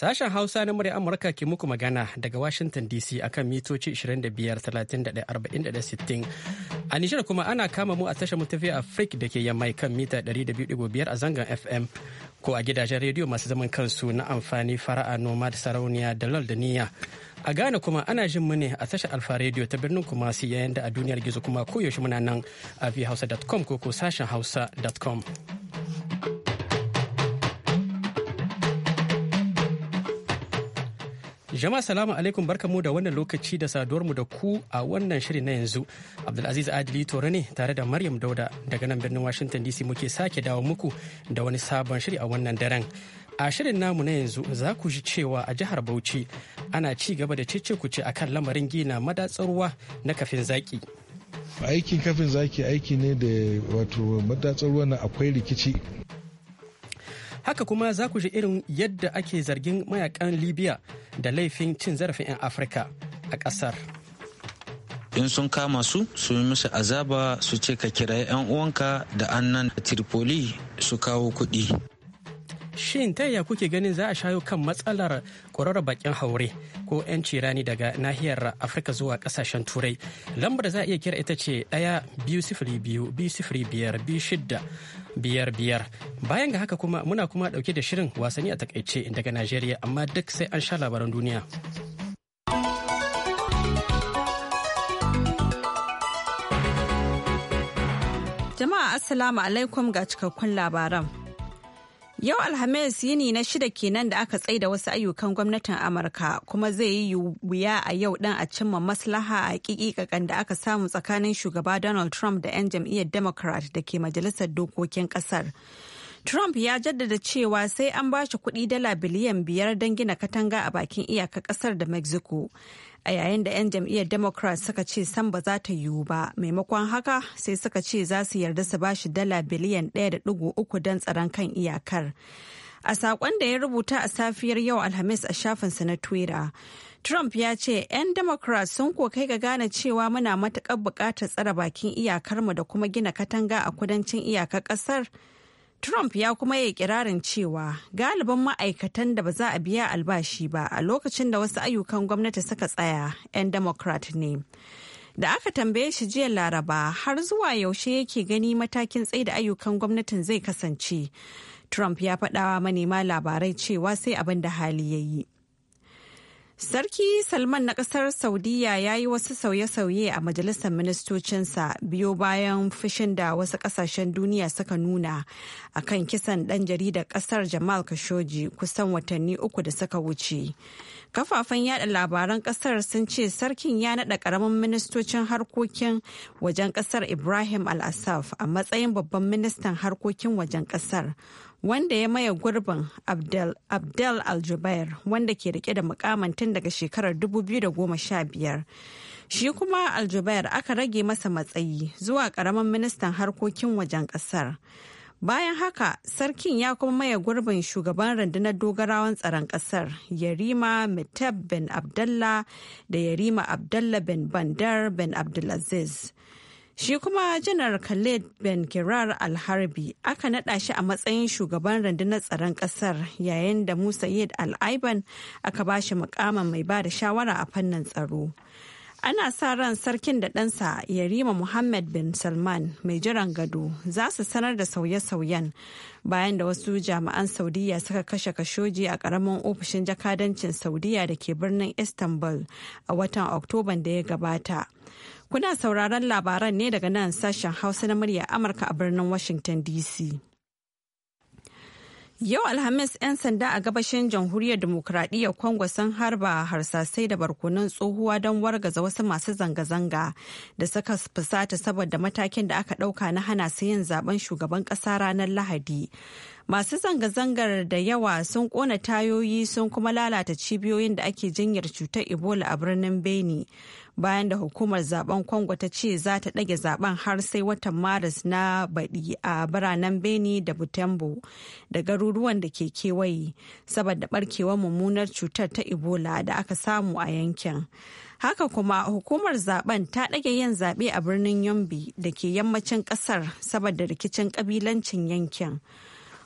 Sashen Hausa na murya Amurka ke muku magana daga Washington DC akan mitoci 25 31 60 A Nijar kuma ana kama mu a tashar mu tafiya Afrik da ke yamma kan mita 200.5 a zangon FM ko a gidajen rediyo masu zaman kansu na amfani fara'a noma da sarauniya da lal da niyya. A Ghana kuma ana jin mu ne a tashar Alfa rediyo ta birnin Kumasi yayin da a duniyar gizo kuma koyaushe muna nan a vhausa.com ko ko sashen hausa.com. Jama'a salamu alaikum barkamu da wannan lokaci da saduwar mu da ku a wannan shirin na yanzu. Abdulaziz Adili Tore ne tare da Maryam Dauda daga nan birnin Washington DC muke sake dawo muku da wani sabon shiri a wannan daren. A shirin namu na yanzu za ku ji cewa a jihar Bauchi ana ci gaba da cece-kuce akan lamarin gina madatsarwa na kafin zaki. Aikin kafin zaki aiki ne da wato madatsarwa na akwai rikici haka kuma za ku ji irin yadda ake zargin mayakan libya da laifin cin zarafin 'yan afirka a ƙasar in sun kama su su yi musu azaba su ce ka kirayi 'yan uwanka da annan tripoli su kawo kuɗi shin ta yaya kuke ganin za a shayo kan matsalar kwararra bakin haure ko 'yanci rani daga nahiyar afirka zuwa kasashen turai lambar da za a iya kira ita ce 1 2 2 biyar biyar biyar bayan ga haka kuma muna kuma dauke da shirin wasanni a takaice daga najeriya amma duk sai an sha labaran duniya jama'a assalamu alaikum ga cikakkun labaran Yau Alhamis yini na shida kenan da aka tsaida wasu ayyukan gwamnatin Amurka kuma zai yi wuya a yau dan a cimma maslaha a kikikakan da aka samu tsakanin shugaba Donald Trump da 'yan jam'iyyar Democrat da ke majalisar dokokin kasar. Trump ya jaddada cewa sai an ba shi kuɗi dala biliyan biyar don gina katanga a bakin iyaka ƙasar da Mexico. a yayin da 'yan jam'iyyar democrat suka ce san ba za ta yiwu ba maimakon haka sai suka ce za su yarda su bashi dala biliyan 1.3 don tsaron kan iyakar a saƙon da ya rubuta a safiyar yau alhamis a shafinsa na twitter Trump ya ce 'yan Democrat sun kokai ga gane cewa muna matuƙar buƙatar tsare bakin iyakarmu da kuma gina katanga a kudancin iyakar ƙasar Trump ya kuma yi kirarin cewa galiban ma'aikatan da ba za a biya albashi ba a lokacin da wasu ayyukan gwamnati suka tsaya 'yan Democrat ne. Da aka tambaye shi jiya Laraba har zuwa yaushe yake gani matakin da ayyukan gwamnatin zai kasance. Trump ya faɗawa manema labarai cewa sai abin da hali ya yi. Sarki Salman na ƙasar Saudiya ya yi wasu sauye-sauye a majalisar ministocinsa biyo bayan fushin da wasu ƙasashen duniya suka nuna a kan kisan ɗan jaridar ƙasar Jamal Khashoggi kusan watanni uku da suka wuce. Kafafen yada labaran ƙasar sun ce sarkin ya naɗa ƙaramin ministocin harkokin wajen ƙasar Ibrahim al asaf a matsayin babban ministan harkokin wajen ƙasar. wanda ya maye gurbin abdel, aljubair wanda ke rike da mukamin tun daga shekarar 2015 shi kuma aljubair aka rage masa matsayi zuwa karamin ministan harkokin wajen kasar bayan haka sarkin ya kuma maye gurbin shugaban rundunar dogarawan tsaron kasar yarima mitab bin abdallah da yarima abdallah bin bandar bin abdulaziz Shi kuma janar Khaled Ben Kirar Alharbi aka naɗa shi a matsayin shugaban rundunar tsaron ƙasar yayin da Musa Yed Al-Aiban aka ba shi mukamin mai ba da shawara a fannin tsaro. ana sa ran sarkin da ɗansa yarima muhammad bin salman mai jiran gado za su sanar da sauye-sauyen bayan da wasu jami'an saudiya suka kashe kashoji a ƙaramin ofishin jakadancin saudiya da ke birnin istanbul a watan oktoban da ya gabata Kuna sauraron labaran ne daga nan sashen Hausa na murya Amurka a birnin Washington DC. Yau Alhamis 'yan sanda a gabashin jamhuriyar dimokuraɗiyyar Kongo sun harba harsasai da barkunan tsohuwa don wargaza wasu masu zanga-zanga da suka fusata saboda matakin da aka ɗauka na hana su yin zaben shugaban ƙasa ranar Lahadi. Masu zanga-zangar da yawa sun kona tayoyi sun kuma lalata cibiyoyin da ake jinyar cutar Ebola a birnin Beni bayan da hukumar zaben kwango ta ce za ta ɗage zaben har sai watan Maris na baɗi a biranen Beni da Butembo da garuruwan da ke kewaye saboda ɓarkewar mummunar cutar ta Ebola da aka samu a yankin. Haka kuma hukumar zaben ta ɗage yin zaɓe a birnin Yombe da ke yammacin ƙasar saboda rikicin ƙabilancin yankin.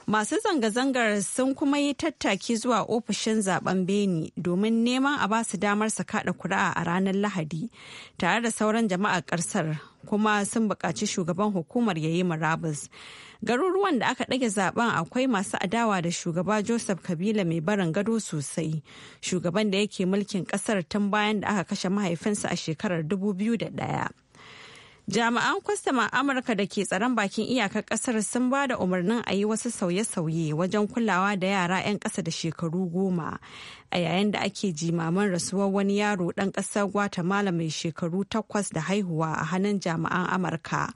Masu zanga-zangar sun kuma yi tattaki zuwa ofishin zaben Beni domin neman a basu damar su kada kuri'a a ranar Lahadi tare da sauran jama'a ƙasar, kuma sun buƙaci shugaban hukumar yayi murabus. Garuruwan da aka ɗage zaben akwai masu adawa da shugaba Joseph Kabila mai barin gado sosai, shugaban da yake mulkin ƙasar tun bayan da aka kashe mahaifinsa a shekarar 2001. Jami'an a Amurka da ke tsaron bakin iyakar kasar sun ba da umarnin a yi wasu sauye-sauye wajen kulawa da yara 'yan ƙasa da shekaru goma a yayin da ake jimaman rasuwar wani yaro ɗan ƙasar Guatemala mai shekaru takwas da haihuwa a hannun jami'an Amurka.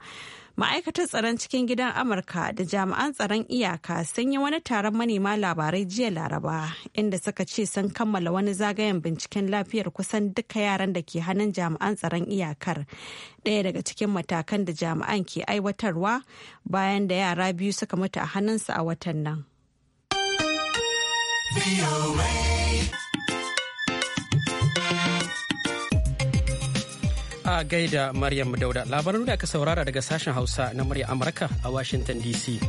ma'aikatar tsaron cikin gidan amurka da jami'an tsaron iyaka sun yi wani taron manema labarai jiya laraba inda suka ce sun kammala wani zagayen binciken lafiyar kusan duka yaran da ke hannun jami'an tsaron iyakar ɗaya daga cikin matakan da jami'an ke aiwatarwa bayan da yara biyu suka mutu a hannunsu a watan nan. A gaida Maryam Dauda labaran da aka saurara daga sashen Hausa na murya Amurka a Washington DC.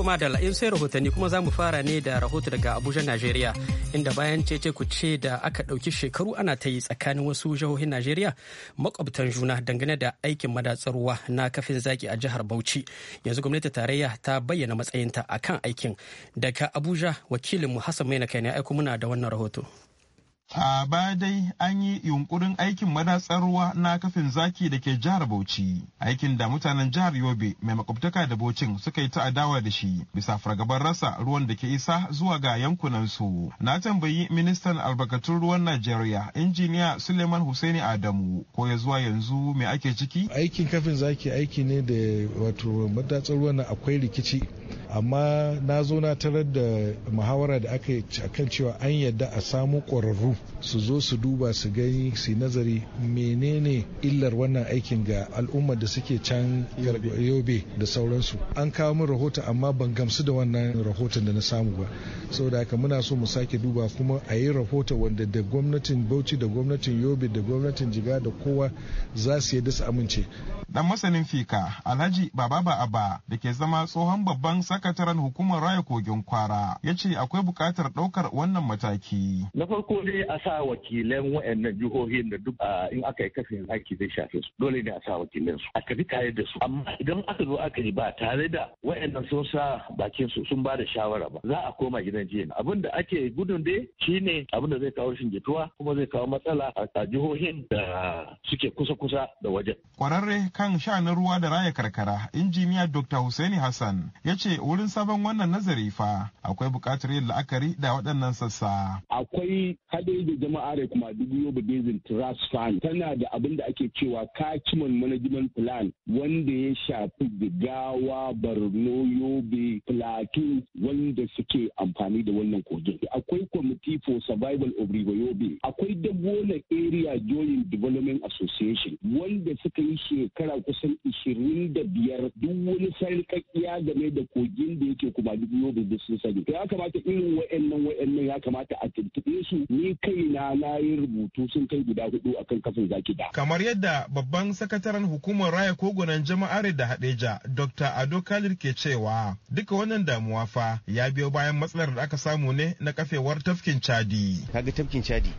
To da la'in sai rahotanni kuma za mu fara ne da rahoto daga Abuja Najeriya inda bayan cece ku ce da aka ɗauki shekaru ana ta yi tsakanin wasu jihohin Najeriya makwabtan juna dangane da aikin madatsarwa na kafin zaki a jihar Bauchi. Yanzu gwamnati tarayya ta bayyana matsayinta akan aikin daga Abuja wakilinmu mu Hassan Maina kai ne aiko muna da wannan rahoto. A ba dai an yi yunkurin aikin madatsar ruwa na kafin zaki da ke jihar Bauchi, aikin da mutanen jihar Yobe mai makwabtaka da Bauchin suka yi ta adawa da shi bisa fargabar rasa ruwan da ke isa zuwa ga yankunan su. Na tambayi ministan albarkatun ruwan Najeriya, injiniya Suleiman Hussaini Adamu, ko ya zuwa yanzu mai ake ciki? Aikin kafin zaki aiki ne da wato madatsar ruwa na akwai rikici. amma na zo na tarar da muhawara da aka yi akan cewa an yadda a samu ƙwararru su zo su duba su gani su nazari menene illar wannan aikin ga al'ummar da suke can yobe da sauransu an kawo min rahoto amma ban gamsu da wannan rahoton da na samu ba saboda haka muna so mu sake duba kuma a yi rahoto wanda da gwamnatin bauchi da gwamnatin yobe da gwamnatin jiga da kowa za su yi su amince dan masanin fika alhaji baba aba da ke zama tsohon babban sakataren hukumar raya kogin kwara ya ce akwai bukatar ɗaukar wannan mataki na farko dai a sa wakilan wayannan jihohin da duk ah, in aka yi kafin zaki zai shafe su dole ne a sa wakilan su a tafi tare da su amma idan aka zo aka yi ba tare da wayannan sun sa bakin su sun ba da shawara ba za a koma gidan jiya abin da ake gudun dai shine abin da zai kawo jituwa kuma zai kawo matsala a jihohin da suke kusa-kusa da wajen. Kwararre kan sha'anin ruwa da raya karkara injiniya Dr. Hussaini Hassan ya ce wurin sabon wannan nazari fa akwai buƙatar yin la'akari da waɗannan sassa. Akwai hade ida jama'a da kuma dubu basin trust fund tana da abin da ake cewa kakiman management plan wanda ya shafi gawa barno yobe plateau wanda suke amfani da wannan kogin akwai committee for survival of river yobe akwai dabola area joint development association wanda suka yi shekara kusan da biyar duk wani sarƙaƙiya game da kogin da yake kuma dubu yobe da sani ya kamata irin wa'annan wa'annan ya kamata a tuntuɓe su ni kaina na yi rubutu sun kai guda hudu akan kafin zaki da. Kamar yadda babban sakataren hukumar raya kogunan jama'ar da Hadeja Dr. Ado Kalir ke cewa duka wannan damuwa fa ya biyo bayan matsalar da aka samu ne na kafewar tafkin Chadi. Kaga tafkin Chadi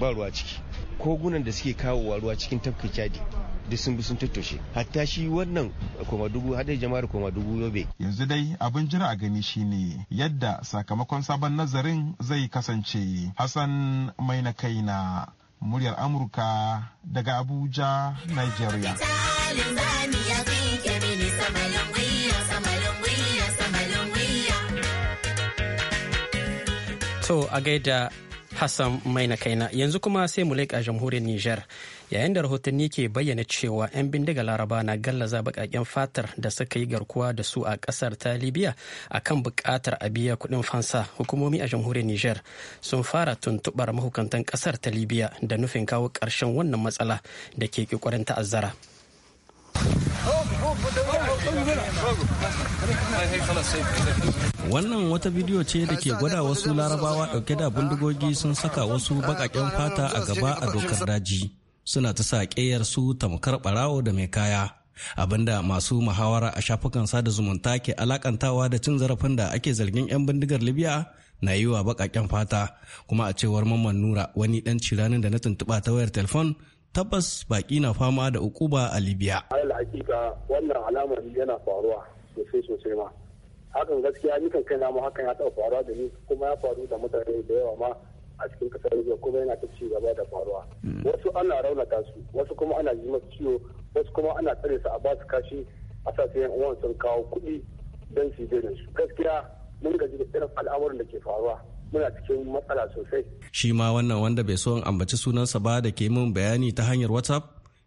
ba ruwa ciki kogunan da suke kawo ruwa cikin tafkin chadi duk sun bi sun tattoshe hatta shi wannan koma dubu hadai jama'ar koma dubu yobe yanzu dai abin jira a gani shine yadda sakamakon sabon nazarin zai kasance hassan mai na kai na muryar amurka daga abuja nigeria To a gaida Hassan mai Maina Kaina yanzu kuma sai mu leƙa jamhuriyar Nijar yayin da rahotanni ke bayyana cewa 'yan bindiga laraba na gallaza baƙaƙen fatar da suka yi garkuwa da su a ƙasar ta Libya kan buƙatar a biya kuɗin fansa hukumomi a jamhuriyar Nijar sun fara tuntuɓar mahukantan ƙasar ta Libya da nufin kawo ƙarshen wannan matsala da ke ƙoƙarin ta'azzara. Wannan wata bidiyo ce da ke gwada wasu larabawa ɗauke da bindigogi sun saka wasu baƙaƙen fata a gaba a dokar daji. Suna ta sa su tamkar ɓarawo da mai kaya. Abinda masu muhawara a shafukan sada zumunta ke alakantawa da cin zarafin da ake zargin 'yan bindigar Libya na yi wa baƙaƙen fata. Kuma a cewar Mamman Nura wani dan ciranin da na tuntuɓa ta wayar telefon tabbas baƙi na fama da ukuba a libya alal hakika wannan alamar yana faruwa sosai sosai ma hakan gaskiya nikan kai mu hakan ya taɓa faruwa da ni kuma ya faru da mutane da yawa ma a cikin kasar libya kuma yana ta ci gaba da faruwa hmm. wasu ana raunata su wasu kuma ana yi masu ciwo wasu kuma ana tsare su a ba su kashi a sa sai uwan sun kawo kuɗi don su su gaskiya mun gaji da irin al'amuran da ke faruwa muna cikin matsala sosai. Shi ma wannan wanda bai so in ambaci sunansa ba da ke min bayani ta hanyar WhatsApp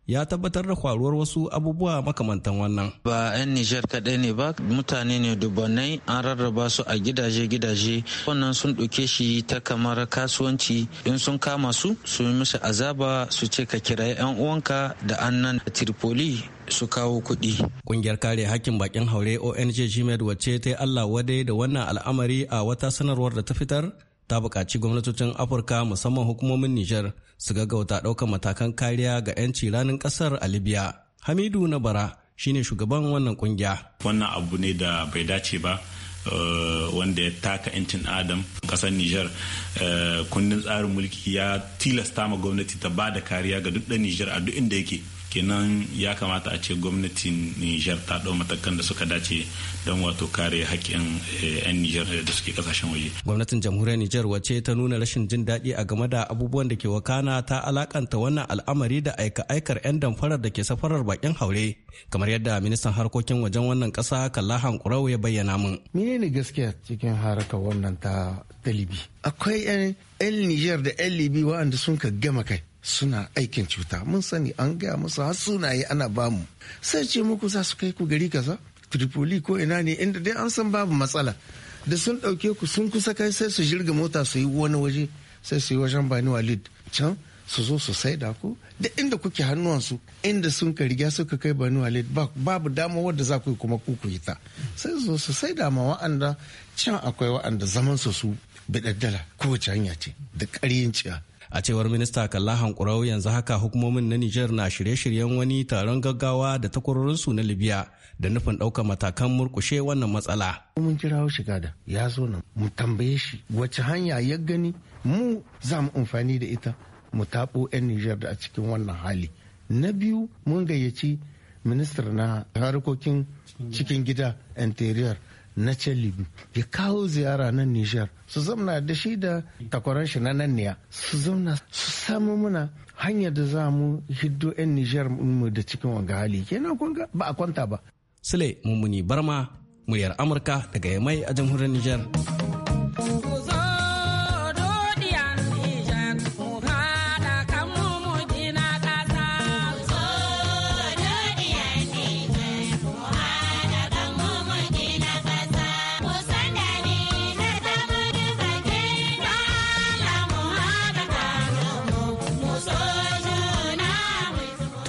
ya tabbatar da kwaruwar wasu abubuwa makamantan wannan. Ba 'yan Nijar kaɗai ne ba mutane ne dubbanai, an rarraba su a gidaje-gidaje wannan sun ɗauke shi ta kamar kasuwanci in sun kama su su yi musu azaba su ce ka kira 'yan uwanka da annan Tripoli su kawo kuɗi. Kungiyar kare hakkin bakin haure ONG Jimed wacce ta yi Allah wadai da wannan al'amari a wata sanarwar da ta fitar ta bukaci gwamnatocin afirka musamman hukumomin nijar su gaggauta ɗaukar matakan kariya ga 'yanci ranin kasar a libya hamidu na bara shine shugaban wannan kungiya wannan abu ne da bai dace ba eh, wanda ya taka 'yancin adam kasar nijar eh, kundin tsarin mulki ya tilasta ma gwamnati ta ba da kariya ga duk da nijar a duk inda yake kenan ya kamata a ce gwamnatin niger ta ɗau matakan da suka dace don wato kare haƙƙin 'yan eh, niger da suke kasashen waje gwamnatin jamhuriyar niger wace ta nuna rashin jin daɗi a game da abubuwan da ke wakana ta alakanta wannan al'amari da aika-aikar 'yan damfarar da ke safarar bakin haure kamar yadda ministan harkokin wajen wannan ƙasa kallahan kurau ya bayyana mun menene gaskiya cikin harkar wannan ta talibi e akwai 'yan niger da 'yan libi e waɗanda sun ka gama kai suna aikin cuta mun sani an gaya musu har sunaye ana bamu sai ce muku za su kai ku gari kaza tripoli ko ina ne inda dai an san babu matsala da sun ɗauke ku sun kusa kai sai su jirga mota su yi wani waje sai su yi wajen bani walid can su zo su saida ku da inda kuke su. inda sun ka riga suka kai bani walid babu dama wadda za ku yi kuma ku ta sai su zo su saida ma wa'anda can akwai wa'anda zaman su su bidaddala kowace hanya ce da ƙaryin ciya a cewar minista kalla hankurau yanzu haka hukumomin na niger na shirye-shiryen wani taron gaggawa da takwarorinsu na libya da nufin ɗaukar matakan murkushe wannan matsala mun kira shiga da ya zo nan mu tambaye shi wace hanya ya gani mu za mu amfani da ita mu taɓo 'yan niger da a cikin wannan hali na biyu mun gayyaci ministar na harkokin cikin gida interior na can libi ya kawo ziyara nan nijar su zamna da shi da takwaran shi na nan niya su zamna su samu muna hanyar da za mu hiddo 'yan nijar mu da cikin wanga hali kenan kun ga ba a kwanta ba sule mummuni barma muryar amurka daga yamai a jamhuriyar nijar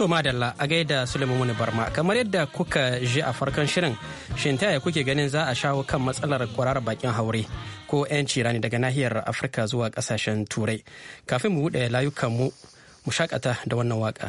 To madalla a gaida Suleiman Barma kamar yadda kuka ji a farkon shirin shin ta kuke ganin za a shawo kan matsalar kwarar bakin haure ko 'yanci rani daga nahiyar Afirka zuwa kasashen Turai kafin mu buɗe layukan mu mu shakata da wannan waka.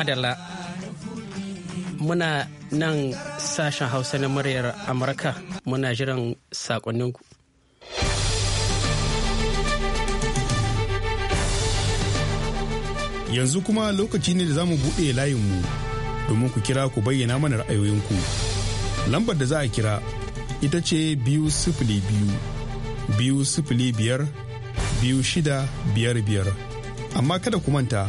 madalla muna nan sashen hausa na muryar amurka muna jiran sakonninku yanzu kuma lokaci ne da za mu buɗe layinmu domin ku kira ku bayyana mana ra'ayoyinku lambar da za a kira ita ce biyu sifili biyu biyu sifili biyar biyu shida biyar biyar amma kada ku manta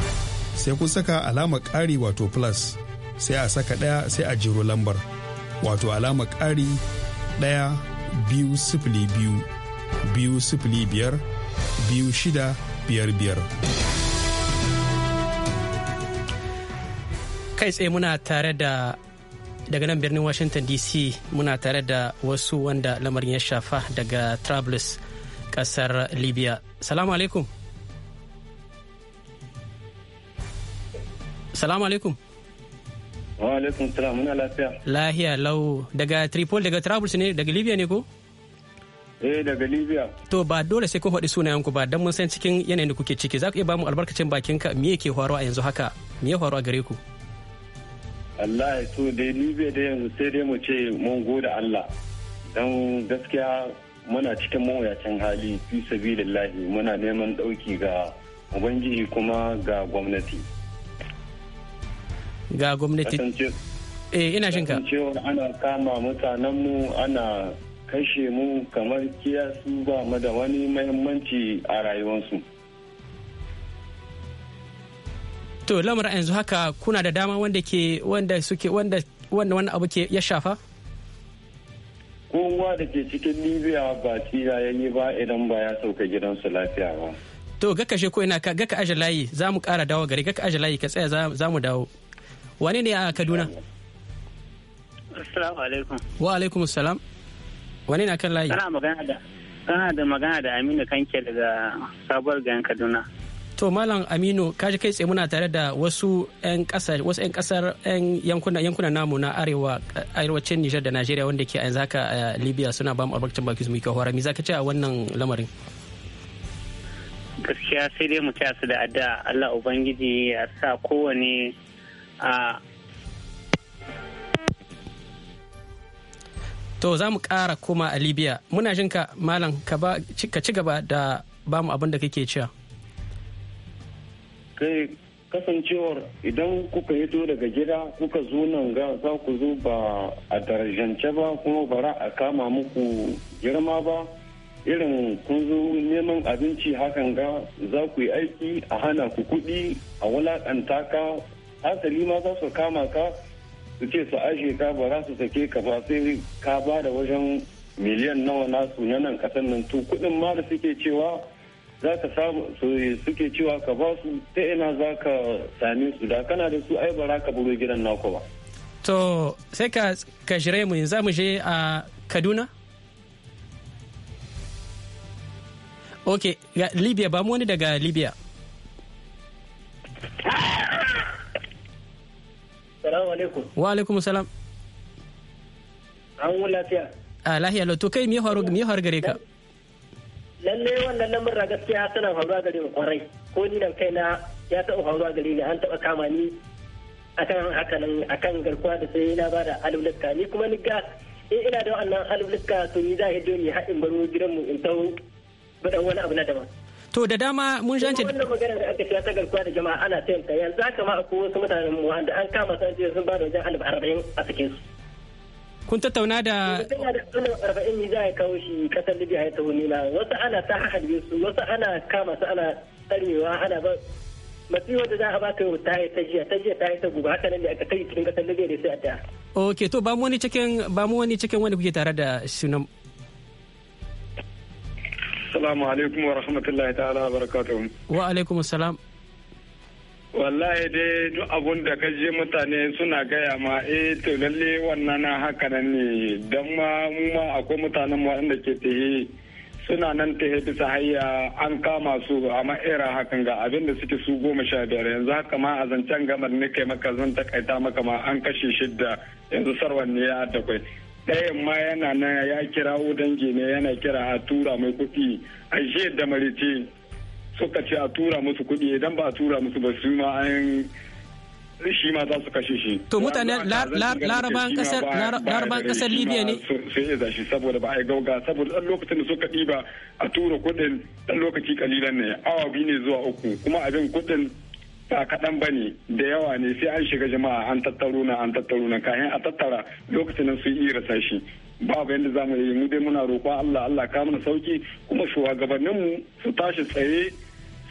sai kun saka alama ƙari wato plus sai a saka ɗaya sai a jiro lambar wato alama ƙari ɗaya biyu sifili biyu biyu sifili biyar biyu shida biyar biyar. kai tsaye muna tare da daga nan birnin washington dc muna tare da wasu wanda lamarin ya shafa daga trablus kasar libya salamu alaikum salamu alaikum wa alaikum salam muna lafiya lahiya lau daga tripoli daga travelers ne daga libya ne ko eh daga libya to ba dole sai kun faɗi sunayen ku ba dan mun san cikin yanayin da kuke ciki za ku iya ba mu albarkacin bakin ka me yake faruwa a yanzu haka me ya faruwa a gare ku Allah ya so dai libya dai yanzu sai dai mu ce mun gode Allah dan gaskiya muna cikin mawuyacin hali fi sabilillahi muna neman ɗauki ga ubangiji kuma ga gwamnati ga gwamnati eh ina shin ka ana kama mutanen mu ana kashe mu kamar kiyasu ba mu da wani muhimmanci a rayuwarsu to lamar yanzu haka kuna da dama wanda ke wanda suke wanda wanda wannan abu ke ya shafa kowa da ke cikin libya ba tsira ya yi ba idan ba ya sauka gidansu lafiya ba to ga kashe ko ina ka ga ka aje layi za mu kara dawo gari ga ka aje layi ka tsaya za mu dawo Wane ne a Kaduna? Assalamu alaikum. Wa alaikum salam. Wane ne kan layi? Kana magana da magana da Aminu Kanke daga sabuwar garin Kaduna. To Malam Aminu, kaji kai tsaye muna tare da wasu 'yan kasar 'yan kasar yankuna namu na arewa arewacin Nijar da Najeriya wanda ke yanzu haka a eh, Libya suna ba mu albarkacin baki su muke hora. Me zaka ce a wannan lamarin? Gaskiya sai dai mu taya su da adda Allah Ubangiji ya sa kowane to za mu ƙara koma a libya muna jinka malam ka ci gaba da bamu abin da kake cewa kai kasancewar idan kuka hito daga gida kuka zo nan ga za ku zo ba a darajance ba kuma bara a kama muku girma ba irin kun zo neman abinci hakan ga za ku yi aiki a hana ku kuɗi a wulaƙanta ka hankali ma za su kama ka su ce su aje ka ba za su sake ka ba sai ka ba da wajen miliyan nawa na na nan kasan nan to kudin ma da suke cewa za ka samu suke cewa ka ba su ta ina za ka same su da kana da su ai ba za ka buro gidan naku ba. To sai ka ka mu za mu je a Kaduna? Ok, Libya ba mu wani daga Libya. Ah, Assalamu alaikum. Wa alaikum salam. An wula lafiya. A ah, lahiya lo to kai me faru me faru gare ka? Lalle wannan lamurra gaskiya tana faruwa gare mu kwarai. Ko ni nan kaina ya taɓa faruwa gare ni an taɓa kama ni akan nan akan garkuwa da sai na bada alulukka ni kuma ni ga in eh, ina da wannan alulukka to ni za ka je ni haɗin baro gidanmu in ba dan wani abu na daban. to da dama mun ce wannan magana da aka ta garkuwa da jama'a ana tayin ta yanzu haka ma akwai wasu mutanen mu wanda an kama san je sun ba da wajen alif 40 a cikin su kun tattauna da da 40 ne za a kawo shi kasar libya ya taho nila wasu ana ta halbe su wasu ana kama su ana tsarewa ana ba matsiyar wanda za a ba ka ta yi ta jiya ta jiya ta yi ta guba haka nan da aka kai cikin kasar libya da sai a ta ok to ba mu wani cikin ba mu wani cikin wanda kuke tare da sunan Assalamu alaikum wa rahmatullahi ta'ala wa barakatuhu. Wa alaikum assalam. Wallahi dai duk abun da ka je mutane suna gaya ma eh to lalle wannan haka nan ne don ma mu ma akwai mutanen waɗanda ke tehe suna nan tehe bisa hayya an kama su a ma'era hakan ga abin da suke su goma sha biyar yanzu haka ma a zancen gamar ne kai maka zan takaita maka ma an kashe shidda yanzu sarwan ne ya kwai ɗayan ma yana nan ya kira dangi ne yana kira a tura mai kuɗi a jiya da marice suka ce a tura musu kuɗi idan ba a tura musu ba su ma an shi ma za su kashe shi. To mutane laraban kasar Libya ne. Sai iya shi saboda ba a gauga saboda ɗan lokacin da suka ɗiba a tura kuɗin ɗan lokaci kalilan ne awa biyu ne zuwa uku kuma abin kuɗin ba kaɗan ba ne da yawa ne sai an shiga jama'a an tattaro na an tattaro na kayan a tattara lokacin nan sun iya rasa shi babu yadda za mu yi mu dai muna roƙon Allah Allah ka mana sauki kuma mu su tashi tsaye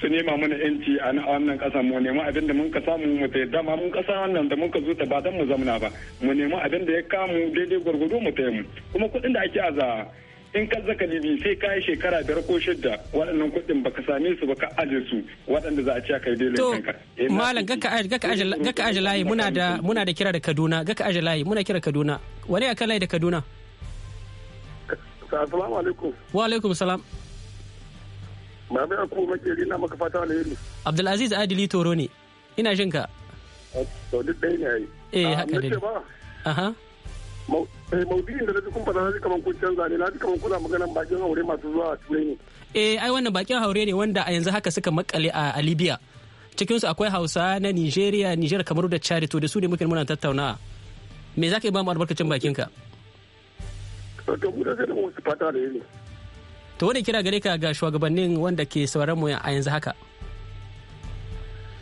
su nema mana yanci a wannan ƙasa mu nema abin da mun ka samu mu ta yadda ma mun ƙasa wannan da mun ka zuta ba dan mu zamna ba mu nema abin da ya kamu daidai gwargwado mu ta mu kuma kuɗin da ake za. in ka zaka libi sai ka yi shekara biyar ko shidda waɗannan kuɗin ka same su ba ka aje su waɗanda za a ci kai dai to eh, malam eh, ga ka aje layi muna da muna da kira da Kaduna ga ka aje layi muna kira Kaduna wani a layi da Kaduna assalamu alaikum wa alaikum salam Mami kuma Makeri na maka fata alheri. Abdulaziz Adili Toro ne. Ina jin ka. ɗaya ne yayi. Eh ah, haka ne. Aha. eh maudu'in da naji kun naji kaman kun canza ne naji kaman kuna maganan bakin haure masu zuwa turai ne eh ai wannan bakin haure ne wanda a yanzu haka suka makale a Libya cikin su akwai Hausa na Nigeria Niger kamar da Chad to da su ne muke muna tattaunawa me zaka yi ba mu albarkacin bakin ka to mu da zai mu fata da yini to wani kira gare ka ga shugabannin wanda ke sauraron mu a yanzu haka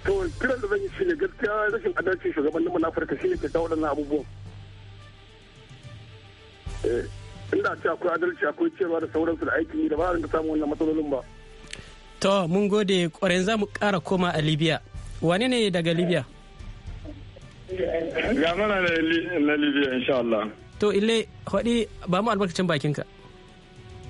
to kiran da zan yi shi ne gaskiya rashin adalci shugabannin mu na farka shi ne ke dawo abubuwan Eh, inda ce akwai adalci akwai cewa da sauransu da aikin yi da ba a samu wannan matsalolin ba. To mun gode kwarin za mu ƙara koma a Libya. Wane ne daga Libya? Ga mana na Libya insha Allah. To ille haɗi ba mu albarkacin bakinka.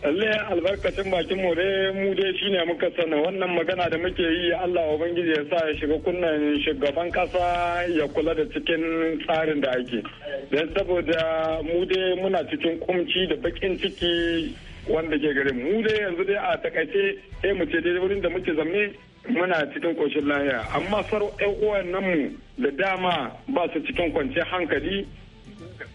ya albarkacin bakin mu dai mu dai shine muka sana wannan magana da muke yi Allah Ubangiji ya sa ya shiga kunnan shugaban kasa ya kula da cikin tsarin da ake. Dan saboda mu dai muna cikin kumci da bakin ciki wanda ke gare mu dai yanzu dai a takaice eh mu ce dai wurin da muke zamne muna cikin koshin lahiya amma sar ƴan uwan nan mu da dama ba su cikin kwanciyar hankali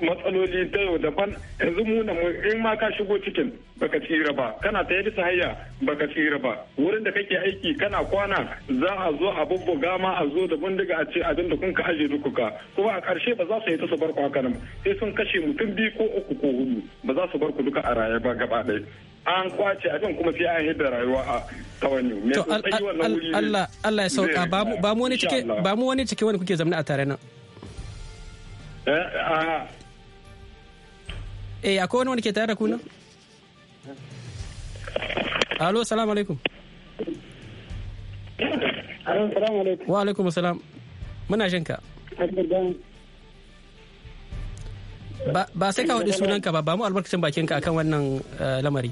matsaloli da yau daban yanzu mu na in ma ka shigo cikin baka tsira ba kana ta bisa hayya baka tsira ba wurin da kake aiki kana kwana za a zo a bubbuga ma a zo da bindiga a ce abin da kun ka aje ka kuma a ƙarshe ba za su yi ta su bar ku haka nan sai sun kashe mutum biyu ko uku ko hudu ba za su bar ku duka a raye ba gaba ɗaya an kwace abin kuma sai an da rayuwa a tawanyu me Allah Allah ya sauka ba mu wani cike ba mu wani cike wani kuke zama a tare nan Eh, eh, ah. eh, akwai wani wanda ke tare da kuna? Alo, salamu alaikum. Alo, salamu alaikum. Wa alaikum salam. Muna jin ka. Ba sai ka waɗi sunanka ba, ba mu albarkacin bakinka akan wannan eh, lamari.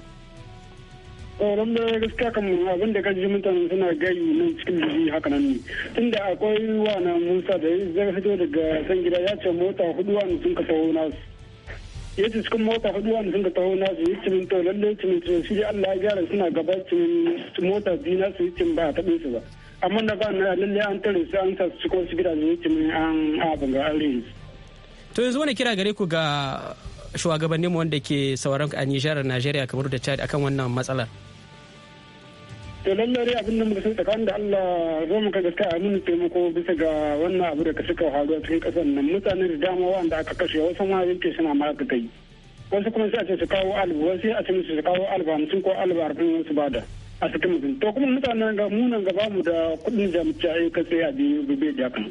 tsoron da gaskiya kan abin da kaji mutane suna gayi nan cikin jiki haka nan ne tunda akwai wana musa da zai fito daga san gida ya ce mota hudu wani sun ka taho nasu ya ce cikin mota hudu wani sun ka taho nasu ya ce min to lalle ce min to shi Allah ya gyara suna gaba ce mota biyu nasu ya ce ba a taɓe su ba amma da ba na lalle an tare su an sa su cikin wasu gidaje ya ce min an abin ga an rin to yanzu wani kira gare ku ga shugabanninmu wanda ke sauran a Nijar Najeriya kamar da Chad akan wannan matsalar. to lallai abin da muka san tsakanin da Allah zo muka gaskiya a mun taimako bisa ga wannan abu da ka suka faru a cikin kasar nan mutane da dama wanda aka kashe wasu ma yanke suna ma aka kai wasu kuma sai a ce su kawo alba wasu a ce su kawo alba hamsin ko alba arba'in wasu bada a cikin mutum to kuma mutane ga munan gaba mu da kuɗin da mu ci ayyuka sai a biyu bibe da kan.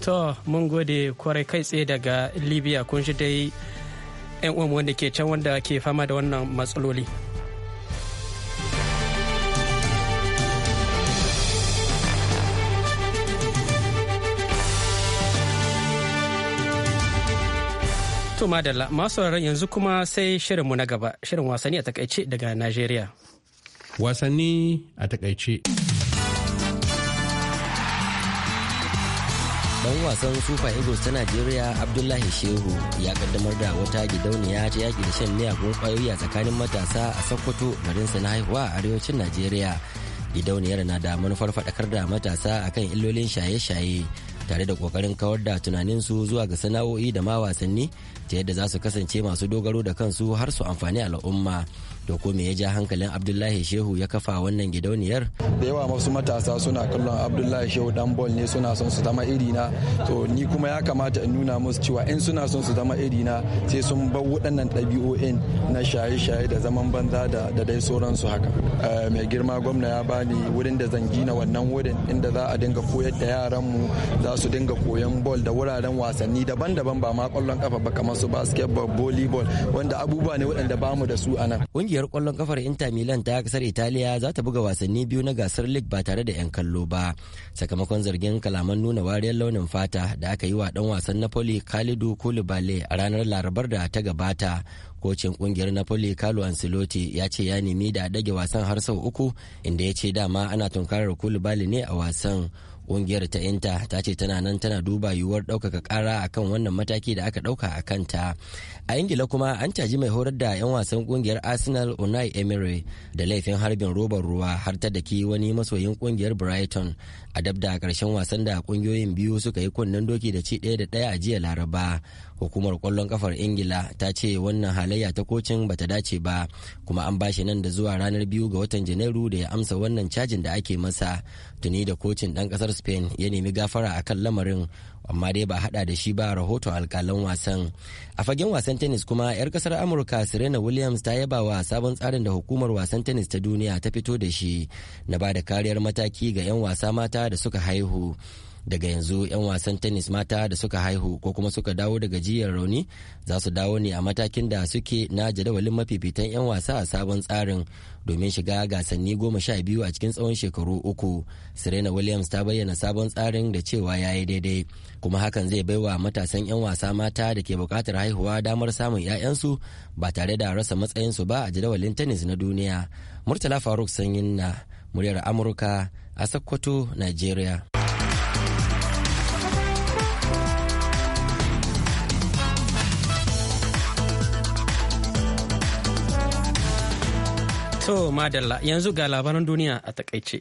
to mun gode kwarai kai tsaye daga libya kun shi dai 'yan uwan wanda ke can wanda ke fama da wannan matsaloli. To madalla masu yanzu kuma sai shirinmu na gaba shirin wasanni a takaice daga Najeriya. Wasanni a takaice. Ɗan wasan sufa Eagles ta Najeriya Abdullahi Shehu ya kaddamar da wata gidauniya ta yaki da shan miyagun ƙwayoyi a tsakanin matasa a Sokoto garinsa na haihuwa a arewacin Najeriya. Gidauniyar na da manufar faɗakar da matasa akan illolin shaye-shaye tare da kokarin kawar da tunaninsu zuwa ga sana'o'i da ma wasanni ta yadda za su kasance masu dogaro da kansu har su amfani al'umma to ko me ya ja hankalin abdullahi shehu ya kafa wannan gidauniyar da yawa masu matasa suna kallon abdullahi shehu dan bol ne suna son su zama iri na to ni kuma ya kamata in nuna musu cewa in suna son su zama iri na sai sun bar waɗannan ɗabi'o'in na shaye-shaye da zaman banza da dai sauransu haka eh, mai girma gwamna ya bani wurin da zan gina wannan wurin inda za a dinga koyar da yaranmu za su dinga koyon ball da wuraren wasanni daban-daban ba ma kwallon kafa ba kamar su basketball volleyball wanda abubuwa ne waɗanda ba mu da su a nan. Ƙungiyar kwallon kafar Inter Milan ta kasar Italiya za ta buga wasanni biyu na gasar League ba tare da 'yan kallo ba sakamakon zargin kalaman nuna wariyar launin fata da aka yi wa dan wasan Napoli Kalidu Koulibaly a ranar Larabar da ta gabata kocin kungiyar napoli carlo ancelotti ya ce ya nemi da dage wasan har sau uku inda ya ce dama ana tunkarar kulubali ne a wasan ƙungiyar ta inta ta ce tana nan tana duba yiwuwar ɗaukaka ƙara akan wannan mataki da aka ɗauka a kanta a ingila kuma an caji mai horar da 'yan wasan ƙungiyar arsenal unai emery da laifin harbin robar ruwa har ta daki wani masoyin ƙungiyar brighton a dab da ƙarshen wasan da ƙungiyoyin biyu suka yi kunnen doki da ci ɗaya da ɗaya a jiya laraba hukumar kwallon kafar ingila ta ce wannan halayya ta kocin bata dace ba kuma an bashi nan da zuwa ranar biyu ga watan janairu da ya amsa wannan cajin da ake masa tuni da kocin ɗan ƙasar spain ya nemi gafara akan lamarin amma dai ba hada da shi ba rahoto alkalan wasan a fagen wasan tennis kuma 'yar kasar amurka serena williams ta yaba wa sabon tsarin da hukumar wasan tennis ta duniya ta fito da shi na ba da kariyar mataki ga 'yan wasa mata da suka haihu daga yanzu 'yan wasan tennis mata da suka haihu ko kuma suka dawo daga jiyar rauni za su dawo ne a matakin da suke na jadawalin mafifitan 'yan wasa a sabon tsarin domin shiga gasanni goma sha biyu a cikin tsawon shekaru uku serena williams ta bayyana sabon tsarin da cewa ya yi daidai kuma hakan zai baiwa matasan 'yan wasa mata da ke bukatar haihuwa damar samun 'ya'yansu ba tare da rasa matsayinsu ba a jadawalin tennis na duniya murtala faruk sanyin na muryar amurka a sokoto nigeria To madalla yanzu ga labaran duniya a takaice.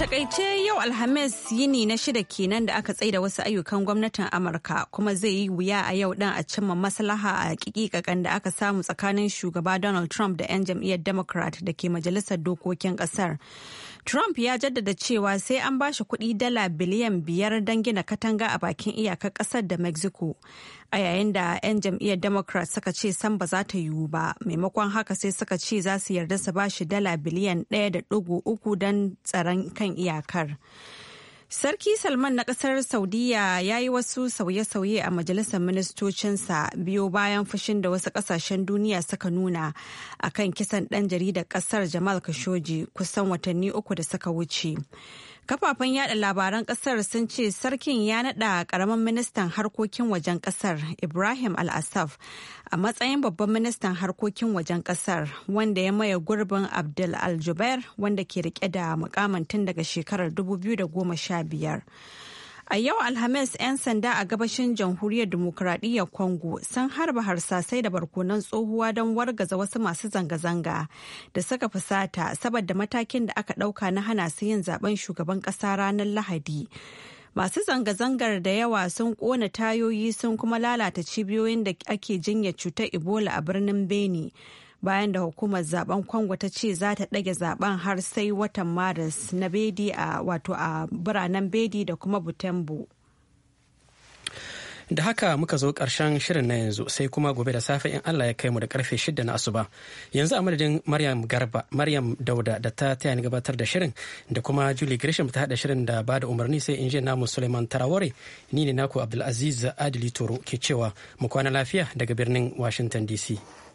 takaice yau alhamis yini na shida kenan da aka tsaida wasu ayyukan gwamnatin amurka kuma zai yi wuya a yau dan a cimma maslaha a kikikakan da aka samu tsakanin shugaba donald trump da 'yan jam'iyyar democrat da ke majalisar dokokin kasar Trump ya jaddada cewa sai an ba shi kuɗi dala biliyan biyar don gina katanga a bakin iyakar ƙasar da Mexico, a yayin da 'yan jam'iyyar Democrat suka ce san ba za ta yiwu ba, maimakon haka sai suka ce za su yarda su ba shi dala biliyan ɗaya da ɗigo uku don tsaron kan iyakar. Sarki Salman na kasar Saudiya ya yi wasu sauye-sauye a majalisar ministocinsa biyo bayan fushin da wasu kasashen duniya suka nuna a kan kisan ɗan jaridar kasar Jamal Khashoggi kusan watanni uku da suka wuce. Kafafen yada labaran kasar sun ce sarkin ya nada karamin ministan harkokin wajen kasar Ibrahim al asaf a matsayin babban ministan harkokin wajen kasar wanda ya maye gurbin Abdul Al-Jubair wanda ke rike da mukamantin daga shekarar 2015. A yau Alhamis 'yan sanda a gabashin jamhuriyar dimokuraɗiyyar Congo sun harba harsasai da barkonan tsohuwa don wargaza wasu masu zanga-zanga da suka fusata saboda matakin da aka ɗauka na hana su yin zaben shugaban ƙasa ranar Lahadi. Masu zanga-zangar da yawa sun ƙona tayoyi sun kuma lalata cibiyoyin da ake jinya cutar Ebola a birnin Beni. bayan da hukumar zaben Kwango ta ce za ta ɗage zaben har sai watan Maris na Bedi a wato a biranen Bedi da kuma Butembo. da haka muka zo ƙarshen shirin na yanzu sai kuma gobe da safe in Allah ya kai mu da karfe shida na asuba yanzu a madadin Maryam Garba Maryam Dauda da ta taya ni gabatar da shirin da kuma Julie Gresham ta hada shirin da ba da umarni sai injin namu Suleiman Tarawore ni ne naku Abdulaziz Adili Toro ke cewa mu kwana lafiya daga birnin Washington DC